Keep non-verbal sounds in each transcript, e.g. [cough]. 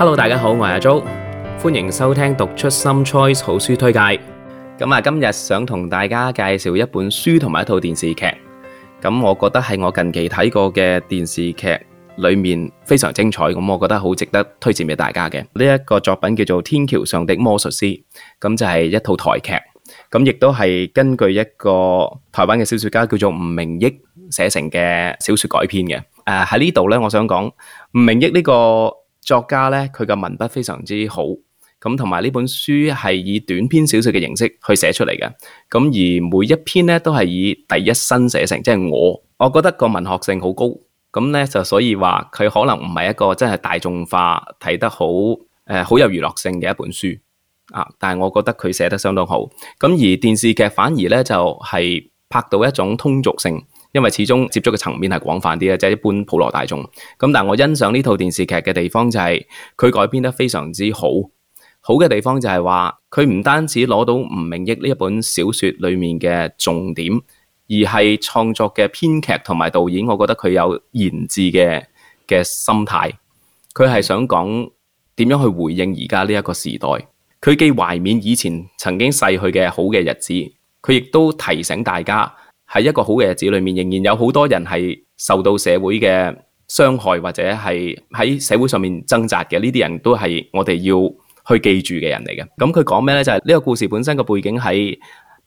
Hello，大家好，我係阿周，歡迎收聽讀出 Some Choice 好書推介。咁啊，今日想同大家介紹一本書同埋一套電視劇。咁我覺得係我近期睇過嘅電視劇裏面非常精彩。咁我覺得好值得推薦俾大家嘅呢一個作品叫做《天橋上的魔術師》。咁就係一套台劇。咁亦都係根據一個台灣嘅小說家叫做吳明益寫成嘅小說改編嘅。誒，喺呢度咧，我想講吳明益呢個。作家咧，佢嘅文筆非常之好，咁同埋呢本書係以短篇小說嘅形式去寫出嚟嘅，咁而每一篇咧都係以第一身寫成，即係我，我覺得個文學性好高，咁咧就所以話佢可能唔係一個真係大眾化睇得好，誒，好有娛樂性嘅一本書，啊，但係我覺得佢寫得相當好，咁而電視劇反而咧就係拍到一種通俗性。因為始終接觸嘅層面係廣泛啲，即係一般普羅大眾。咁但係我欣賞呢套電視劇嘅地方就係、是，佢改編得非常之好。好嘅地方就係、是、話，佢唔單止攞到吳明益呢一本小說裏面嘅重點，而係創作嘅編劇同埋導演，我覺得佢有言志嘅嘅心態。佢係想講點樣去回應而家呢一個時代。佢既懷緬以前曾經逝去嘅好嘅日子，佢亦都提醒大家。喺一個好嘅日子裏面，仍然有好多人係受到社會嘅傷害，或者係喺社會上面掙扎嘅。呢啲人都係我哋要去記住嘅人嚟嘅。咁佢講咩咧？就係、是、呢個故事本身嘅背景喺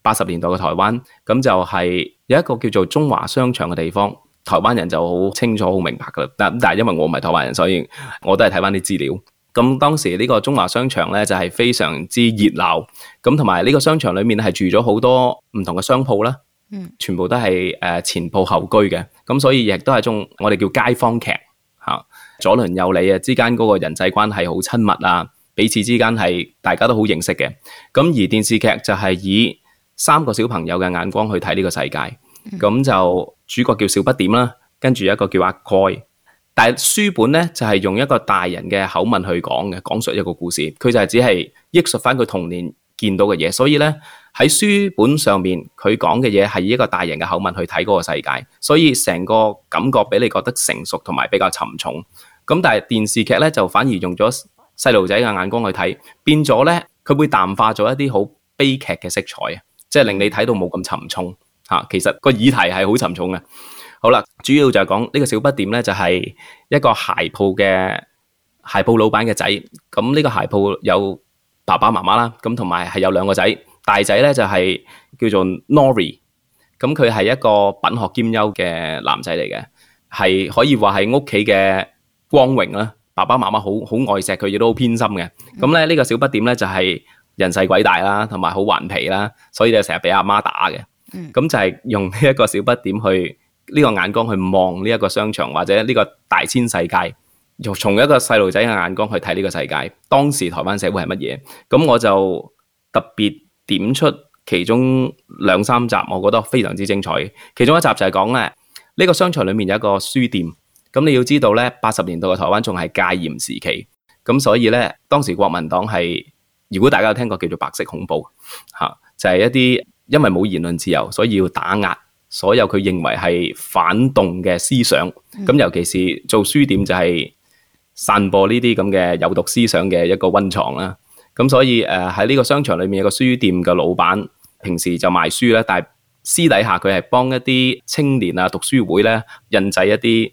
八十年代嘅台灣。咁就係有一個叫做中華商場嘅地方，台灣人就好清楚、好明白噶啦。但但係因為我唔係台灣人，所以我都係睇翻啲資料。咁當時呢個中華商場咧就係、是、非常之熱鬧，咁同埋呢個商場裏面係住咗好多唔同嘅商鋪啦。全部都係誒前舖後居嘅，咁所以亦都係一種我哋叫街坊劇吓，左鄰右里啊之間嗰個人際關係好親密啊，彼此之間係大家都好認識嘅。咁而電視劇就係以三個小朋友嘅眼光去睇呢個世界，咁、嗯、就主角叫小不點啦，跟住有一個叫阿蓋。但係書本咧就係、是、用一個大人嘅口吻去講嘅，講述一個故事，佢就係只係憶述翻佢童年見到嘅嘢，所以咧。喺書本上面，佢講嘅嘢係以一個大人嘅口吻去睇嗰個世界，所以成個感覺俾你覺得成熟同埋比較沉重。咁但係電視劇咧就反而用咗細路仔嘅眼光去睇，變咗咧佢會淡化咗一啲好悲劇嘅色彩啊，即係令你睇到冇咁沉重吓、啊。其實個議題係好沉重嘅。好啦，主要就係講呢個小不點咧，就係一個鞋鋪嘅鞋鋪老闆嘅仔。咁呢個鞋鋪有爸爸媽媽啦，咁同埋係有兩個仔。大仔咧就係叫做 Nori，咁佢係一個品學兼優嘅男仔嚟嘅，係可以話係屋企嘅光榮啦。爸爸媽媽好好愛錫佢，亦都好偏心嘅。咁咧呢個小不點咧就係人細鬼大啦，同埋好頑皮啦，所以就成日俾阿媽打嘅。咁就係用呢一個小不點去呢個眼光去望呢一個商場或者呢個大千世界，用從一個細路仔嘅眼光去睇呢個世界。當時台灣社會係乜嘢？咁我就特別，點出其中兩三集，我覺得非常之精彩。其中一集就係講咧，呢個商場裏面有一個書店。咁你要知道咧，八十年代嘅台灣仲係戒嚴時期，咁所以咧，當時國民黨係，如果大家有聽過叫做白色恐怖，嚇就係一啲因為冇言論自由，所以要打壓所有佢認為係反動嘅思想。咁尤其是做書店就係散播呢啲咁嘅有毒思想嘅一個溫床啦。咁所以誒喺呢個商場裏面有個書店嘅老闆，平時就賣書咧，但係私底下佢係幫一啲青年啊讀書會咧印製一啲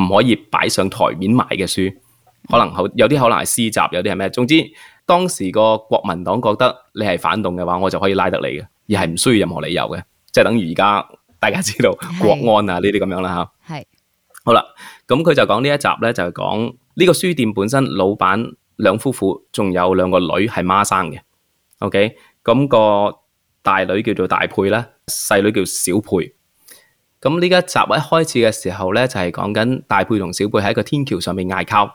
唔可以擺上台面賣嘅書，可能好有啲可能係詩集，有啲係咩？總之當時個國民黨覺得你係反動嘅話，我就可以拉得你嘅，而係唔需要任何理由嘅，即係等於而家大家知道是國安啊呢啲咁樣啦嚇。係是好啦，咁佢就講呢一集咧，就係講呢個書店本身老闆。兩夫婦仲有兩個女係孖生嘅，OK，咁個大女叫做大佩啦，細女叫小佩。咁呢一集一開始嘅時候咧，就係講緊大佩同小佩喺個天橋上面嗌交，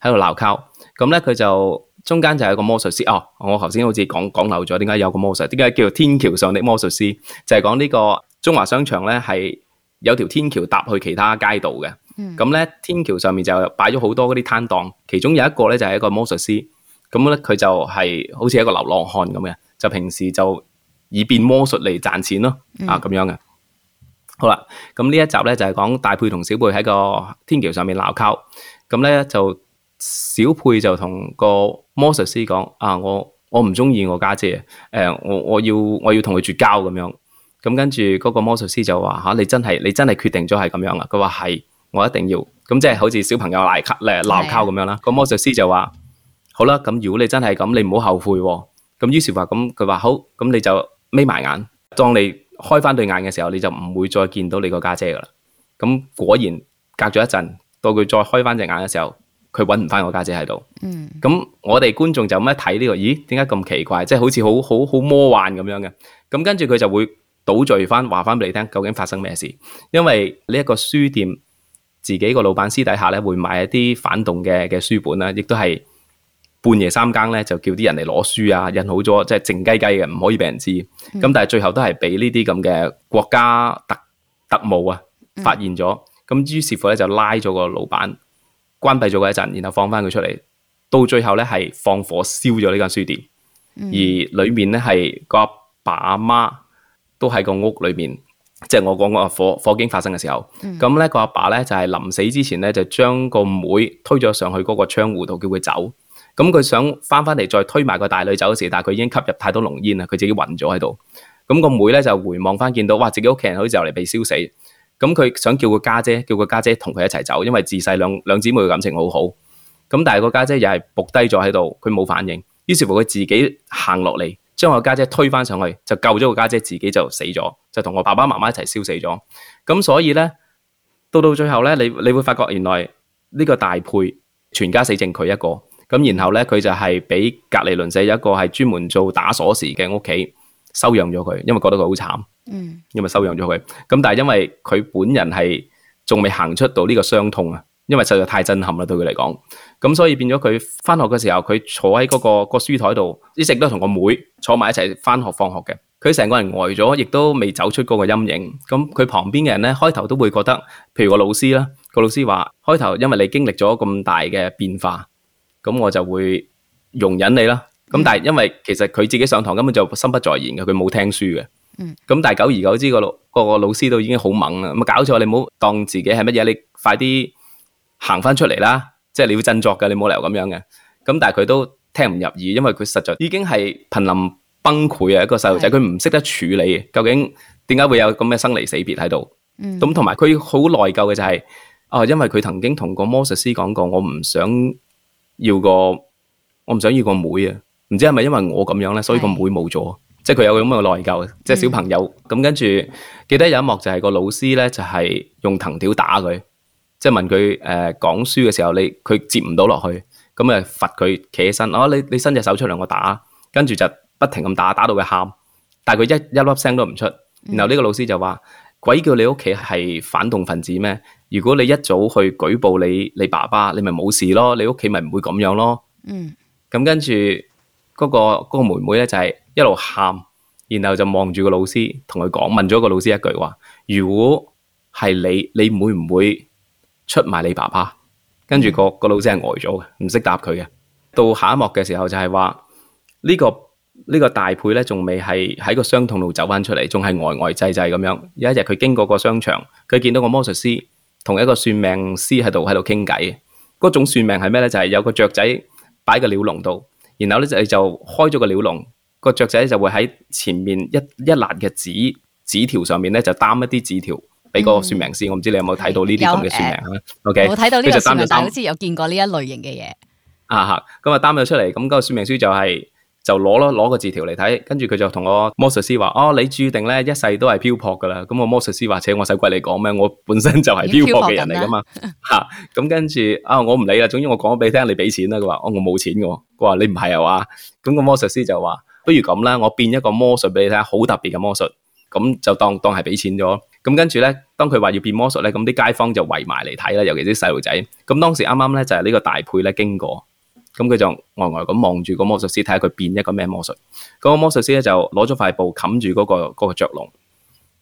喺度鬧交。咁咧佢就中間就有一個魔術師哦，我頭先好似講講漏咗，點解有個魔術？點解叫天橋上的魔術師？就係講呢個中華商場咧係有條天橋搭去其他街道嘅。咁咧，天橋上面就擺咗好多嗰啲攤檔，其中有一個咧就係、是、一個魔術師。咁咧，佢就係好似一個流浪漢咁嘅，就平時就以變魔術嚟賺錢咯。嗯、啊，咁樣嘅好啦。咁呢一集咧就係、是、講大佩同小佩喺個天橋上面鬧交。咁咧就小佩就同個魔術師講：啊，我我唔中意我家姐，姐，誒，我要我要我要同佢絕交咁樣。咁跟住嗰個魔術師就話嚇、啊：你真係你真係決定咗係咁樣啦。佢話係。我一定要，咁即係好似小朋友賴卡、誒鬧交咁樣啦。的個魔術師就話：好啦，咁如果你真係咁，你唔好後悔、喎。咁於是話咁，佢話好，咁你就眯埋眼。當你開翻對眼嘅時候，你就唔會再見到你個家姐噶啦。咁果然隔咗一陣，到佢再開翻隻眼嘅時候，佢搵唔翻個家姐喺度。咁、嗯、我哋觀眾就咁一睇呢、這個，咦？點解咁奇怪？即、就、係、是、好似好好好魔幻咁樣嘅。咁跟住佢就會倒敘翻，話翻俾你聽究竟發生咩事。因為呢一個書店。自己個老闆私底下咧會買一啲反動嘅嘅書本啦，亦都係半夜三更咧就叫啲人嚟攞書啊，印好咗即係靜雞雞嘅，唔可以俾人知。咁、嗯、但係最後都係俾呢啲咁嘅國家特特務啊發現咗，咁、嗯、於是乎咧就拉咗個老闆關閉咗嗰一陣，然後放翻佢出嚟。到最後咧係放火燒咗呢間書店，嗯、而裡面咧係個阿爸阿媽都喺個屋裏面。即係我講個火火警發生嘅時候，咁咧、嗯、個阿爸咧就係、是、臨死之前咧，就將個妹推咗上去嗰個窗戶度，叫佢走。咁佢想翻翻嚟再推埋個大女走嘅時候，但係佢已經吸入太多濃煙啦，佢自己暈咗喺度。咁、那個妹咧就回望翻，見到哇自己屋企人好似就嚟被燒死。咁佢想叫個家姐，姐，叫個家姐同佢一齊走，因為自細兩兩姊妹嘅感情好好。咁但係個家姐，姐又係仆低咗喺度，佢冇反應。於是乎佢自己行落嚟，將個家姐，姐推翻上去，就救咗個家姐，姐，自己就死咗。就同我爸爸媽媽一齊燒死咗。咁所以咧到到最後咧，你你會發覺原來呢個大配全家死剩佢一個。咁然後咧，佢就係俾隔離鄰舍一個係專門做打鎖匙嘅屋企收養咗佢，因為覺得佢好慘，嗯，因為收養咗佢。咁但係因為佢本人係仲未行出到呢個傷痛啊，因為實在太震撼啦對佢嚟講，咁所以變咗佢返學嘅時候，佢坐喺嗰個個書台度，一直都同個妹坐埋一齊返學放學嘅。佢成個人呆咗，亦都未走出嗰個陰影。咁佢旁邊嘅人咧，開頭都會覺得，譬如個老師啦，個老師話：開頭因為你經歷咗咁大嘅變化，咁我就會容忍你啦。咁但係因為其實佢自己上堂根本就心不在焉嘅，佢冇聽書嘅。嗯。咁但係久而久之，個老個老師都已經好猛啦。咁啊搞錯，你唔好當自己係乜嘢，你快啲行返出嚟啦。即係你要振作嘅，你冇理由咁樣嘅。咁但係佢都聽唔入耳，因為佢實在已經係瀕臨。崩潰啊！一個細路仔，佢唔識得處理，究竟點解會有咁嘅生離死別喺度？咁同埋佢好內疚嘅就係、是、哦，因為佢曾經同個魔術師講過，我唔想要個我唔想要個妹啊！唔知係咪因為我咁樣咧，所以個妹冇咗？是的即係佢有咁嘅內疚。即係、嗯、小朋友咁、嗯、跟住，記得有一幕就係個老師咧，就係、是、用藤條打佢，即係問佢誒講書嘅時候，你佢接唔到落去，咁啊罰佢企起身。哦，你你伸隻手出嚟，我打，跟住就。不停咁打，打到佢喊，但係佢一一粒聲都唔出。然後呢個老師就話：嗯、鬼叫你屋企係反動分子咩？如果你一早去舉報你你爸爸，你咪冇事咯，你屋企咪唔會咁樣咯。咁、嗯、跟住嗰、嗰個嗰、嗰個妹妹咧，就係、是、一路喊，然後就望住個老師同佢講，問咗個老師一句話：如果係你，你會唔會出埋你爸爸？跟住個、嗯、個老師係呆咗嘅，唔識答佢嘅。到下一幕嘅時候就係話呢個。呢個大配咧，仲未係喺個傷痛度走翻出嚟，仲係呆呆滯滯咁樣。有一日佢經過個商場，佢見到個魔術師同一個算命師喺度喺度傾偈。嗰種算命係咩咧？就係、是、有個雀仔擺個鳥籠度，然後咧就就開咗、那個鳥籠，個雀仔就會喺前面一一欄嘅紙紙條上面咧就擔一啲紙條俾個算命師。我唔知你有冇睇到呢啲咁嘅算命啊、呃、？OK，佢就擔咗出嚟。但係好似有見過呢一類型嘅嘢。啊哈，咁啊擔咗出嚟，咁、那個算命書就係、是。就攞咯，攞個字條嚟睇，他跟住佢就同個魔術師話：，哦，你注定呢一世都係漂泊㗎啦。咁、那個魔術師話：，請我使鬼你講咩？我本身就係漂泊嘅人嚟㗎嘛。咁跟住啊，哦、我唔理啦。總之我講咗畀你聽，你畀錢啦。佢話：，哦，我冇錢嘅。佢話：你唔係啊？哇！咁個魔術師就話：，不如咁啦，我變一個魔術俾你睇，好特別嘅魔術。咁就當當係俾錢咗。咁跟住呢，當佢話要變魔術咧，咁啲街坊就圍埋嚟睇啦。尤其啲細路仔。當時啱啱就係呢個大配經過。咁佢就呆呆咁望住個魔術師、那個，睇下佢變一個咩魔術。咁個魔術師咧就攞咗塊布冚住嗰個個雀籠。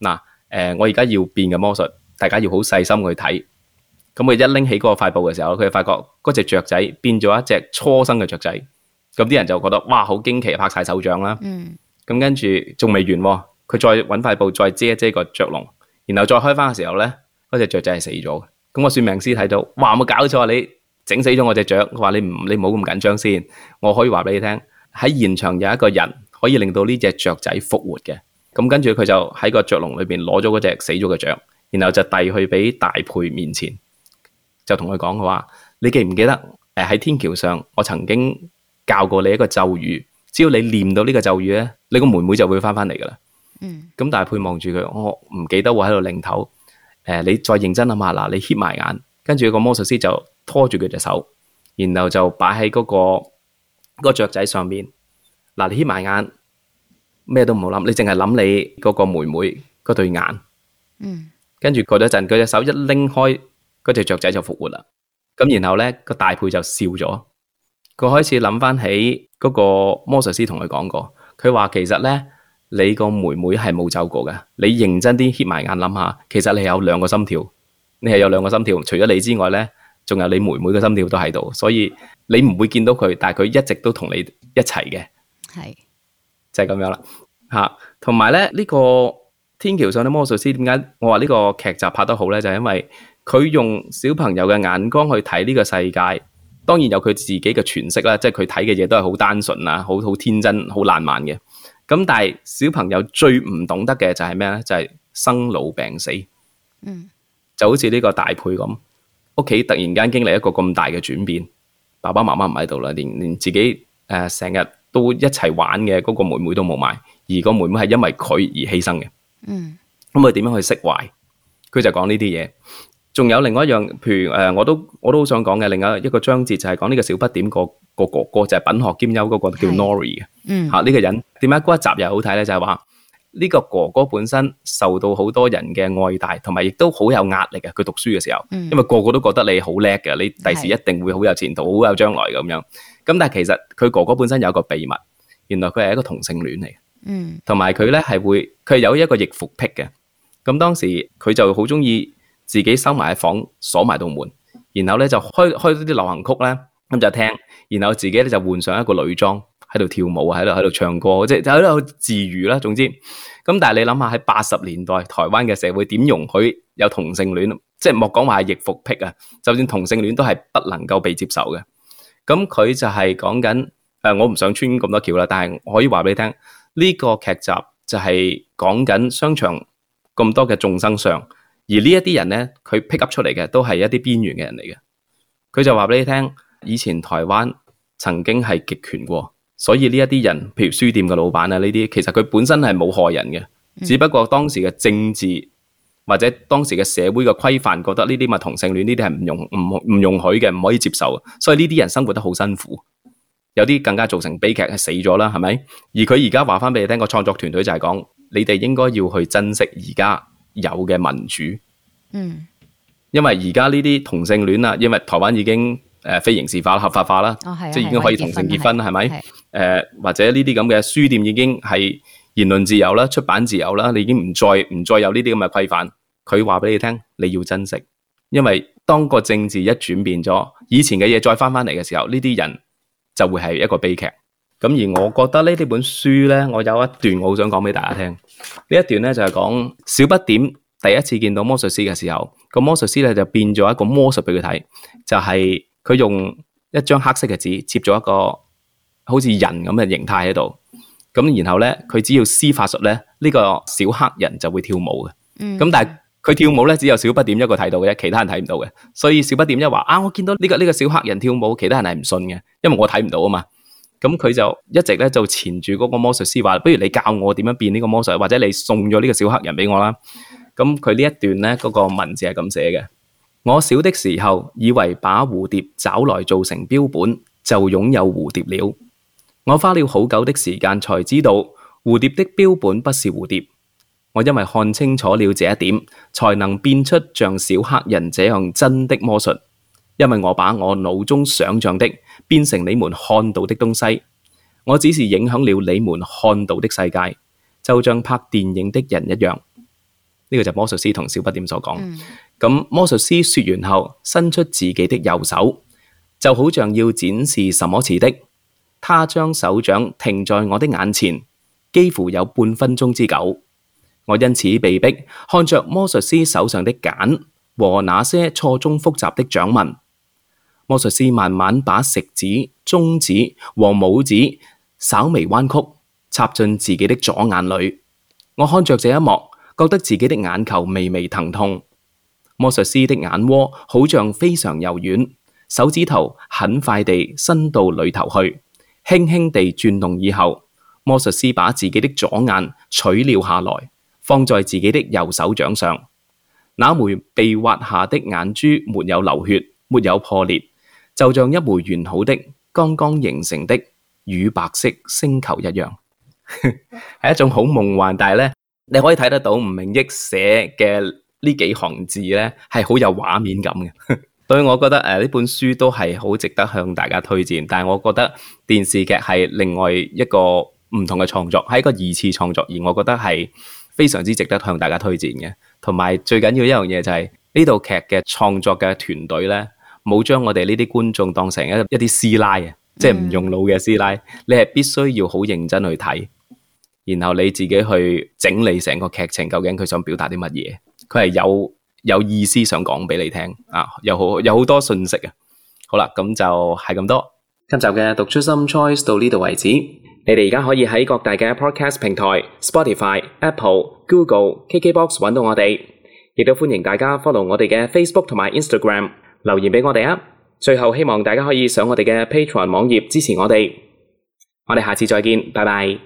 嗱、啊，誒、呃，我而家要變嘅魔術，大家要好細心去睇。咁佢一拎起嗰個塊布嘅時候，佢就發覺嗰隻雀仔變咗一隻初生嘅雀仔。咁啲人就覺得哇，好驚奇，拍晒手掌啦。咁、嗯、跟住仲未完，佢再搵塊布再遮遮個雀籠，然後再開翻嘅時候咧，嗰隻雀仔係死咗。咁、那個算命師睇到，哇，冇搞錯、啊、你。整死咗我隻雀，佢話，你唔你唔好咁緊張先，我可以話俾你聽，喺現場有一個人可以令到呢隻雀仔復活嘅。咁跟住佢就喺個雀籠裏邊攞咗嗰隻死咗嘅雀，然後就遞去俾大佩面前，就同佢講，佢話：你記唔記得在？誒，喺天橋上我曾經教過你一個咒語，只要你念到呢個咒語咧，你個妹妹就會翻翻嚟噶啦。嗯。咁大佩望住佢，我唔記得喎，喺度擰頭。誒、呃，你再認真諗下，嗱，你瞌埋眼，跟住個魔術師就。拖住佢隻手，然後就擺喺嗰個嗰個雀仔上面。嗱，你瞌埋眼，咩都唔好諗，你淨係諗你嗰個妹妹嗰對眼。嗯，跟住過咗一陣，佢隻手一拎開，嗰隻雀仔就復活啦。咁然後咧，個大珮就笑咗，佢開始諗翻起嗰個魔術師同佢講過，佢話其實咧，你個妹妹係冇走過嘅。你認真啲瞌埋眼諗下，其實你有兩個心跳，你係有兩個心跳，除咗你之外咧。仲有你妹妹嘅心跳都喺度，所以你唔會見到佢，但係佢一直都同你一齊嘅，係是就係咁樣啦吓。同埋咧，呢個天橋上的魔術師，點解我話呢個劇集拍得好咧？就係因為佢用小朋友嘅眼光去睇呢個世界，當然有佢自己嘅詮釋啦，即係佢睇嘅嘢都係好單純啊，好好天真、好爛漫嘅。咁但係小朋友最唔懂得嘅就係咩咧？就係生老病死。嗯，就好似呢個大配咁。屋企突然間經歷一個咁大嘅轉變，爸爸媽媽唔喺度啦，連連自己誒成日都一齊玩嘅嗰個妹妹都冇埋，而個妹妹係因為佢而犧牲嘅。嗯，咁佢點樣去釋懷？佢就講呢啲嘢。仲有另外一樣，譬如誒，我都我都好想講嘅，另一個一個章節就係講呢個小不點個個哥哥就係品學兼優嗰個叫 Nori 嘅。嗯，吓呢個人點解嗰一集又好睇咧？就係話。呢個哥哥本身受到好多人嘅愛戴，同埋亦都好有壓力嘅。佢讀書嘅時候，嗯、因為個個都覺得你好叻嘅，你第時一定會好有前途、是好有將來咁樣。咁但係其實佢哥哥本身有一個秘密，原來佢係一個同性戀嚟。嗯，同埋佢咧係會佢有一個易服癖嘅。咁當時佢就好中意自己收埋喺房，鎖埋度門，然後咧就開開啲流行曲咧咁就聽，然後自己咧就換上一個女裝喺度跳舞，喺度喺度唱歌，即係喺度自娛啦。總之，咁但係你諗下喺八十年代台灣嘅社會點容許有同性戀？即係莫講話係逆服癖啊！就算同性戀都係不能夠被接受嘅。咁佢就係講緊誒，我唔想穿咁多橋啦，但係可以話俾你聽呢個劇集就係講緊商場咁多嘅眾生相，而呢一啲人咧，佢 pick up 出嚟嘅都係一啲邊緣嘅人嚟嘅。佢就話俾你聽，以前台灣曾經係極權過。所以呢一啲人，譬如書店嘅老闆啊，呢啲其實佢本身係冇害人嘅。嗯，只不過當時嘅政治或者當時嘅社會嘅規範覺得呢啲咪同性戀呢啲係唔容唔唔容許嘅，唔可以接受，所以呢啲人生活得好辛苦，有啲更加造成悲劇是死了，係死咗啦，係咪？而佢而家話翻俾你聽個創作團隊就係講，你哋應該要去珍惜而家有嘅民主，嗯，因為而家呢啲同性戀啊，因為台灣已經。誒非刑事化合法化啦，哦、即係已經可以同性結婚啦，係咪？誒、呃、或者呢啲咁嘅書店已經係言論自由啦、出版自由啦，你已經唔再唔再有呢啲咁嘅規範。佢話俾你聽，你要珍惜，因為當個政治一轉變咗，以前嘅嘢再返返嚟嘅時候，呢啲人就會係一個悲劇。咁而我覺得呢啲本書咧，我有一段我好想講俾大家聽。呢一段咧就係講小不點第一次見到魔術師嘅時候，個魔術師咧就變咗一個魔術俾佢睇，就係、是。佢用一張黑色嘅紙，摺咗一個好似人咁嘅形態喺度。咁然後咧，佢只要施法術咧，呢、這個小黑人就會跳舞嘅。咁、嗯、但係佢跳舞咧，只有小不點一個睇到嘅啫，其他人睇唔到嘅。所以小不點一話：啊，我見到呢、這個呢、這個、小黑人跳舞，其他人係唔信嘅，因為我睇唔到啊嘛。咁佢就一直咧就纏住嗰個魔術師話：不如你教我點樣變呢個魔術，或者你送咗呢個小黑人俾我啦。咁佢呢一段咧嗰、那個文字係咁寫嘅。我小的時候以為把蝴蝶找來做成標本就擁有蝴蝶了。我花了好久的時間才知道蝴蝶的標本不是蝴蝶。我因為看清楚了這一點，才能變出像小黑人這樣真的魔術。因為我把我腦中想象的變成你們看到的東西，我只是影響了你們看到的世界，就像拍電影的人一樣。呢、這個就魔術師同小不點所講。嗯咁魔術師說完後，伸出自己的右手，就好像要展示什麼似的。他將手掌停在我的眼前，幾乎有半分鐘之久。我因此被逼看着魔術師手上的繭和那些錯綜複雜的掌紋。魔術師慢慢把食指、中指和拇指稍微彎曲，插進自己的左眼裏。我看着這一幕，覺得自己的眼球微微疼痛。魔術師的眼窩好像非常柔軟，手指頭很快地伸到裏頭去，輕輕地轉動以後，魔術師把自己的左眼取了下來，放在自己的右手掌上。那枚被挖下的眼珠沒有流血，沒有破裂，就像一枚完好的、剛剛形成的乳白色星球一樣。係一種好夢幻，但係呢，你可以睇得到吳明益寫嘅。呢幾行字咧係好有畫面感嘅，所 [laughs] 以我覺得誒呢、呃、本書都係好值得向大家推薦。但係我覺得電視劇係另外一個唔同嘅創作，係一個二次創作，而我覺得係非常之值得向大家推薦嘅。同埋最緊要一樣嘢就係呢套劇嘅創作嘅團隊咧，冇將我哋呢啲觀眾當成一一啲師奶啊，即係唔用腦嘅師奶。你係必須要好認真去睇，然後你自己去整理成個劇情，究竟佢想表達啲乜嘢？佢係有有意思想講俾你聽啊，有好有好多信息好啦。咁就係咁多今集嘅讀出心 choice 到呢度為止。你哋而家可以喺各大嘅 podcast 平台 Spotify、Apple、Google、KKBox 揾到我哋，亦都歡迎大家 follow 我哋嘅 Facebook 同埋 Instagram 留言俾我哋啊。最後希望大家可以上我哋嘅 patron 網頁支持我哋。我哋下次再見，拜拜。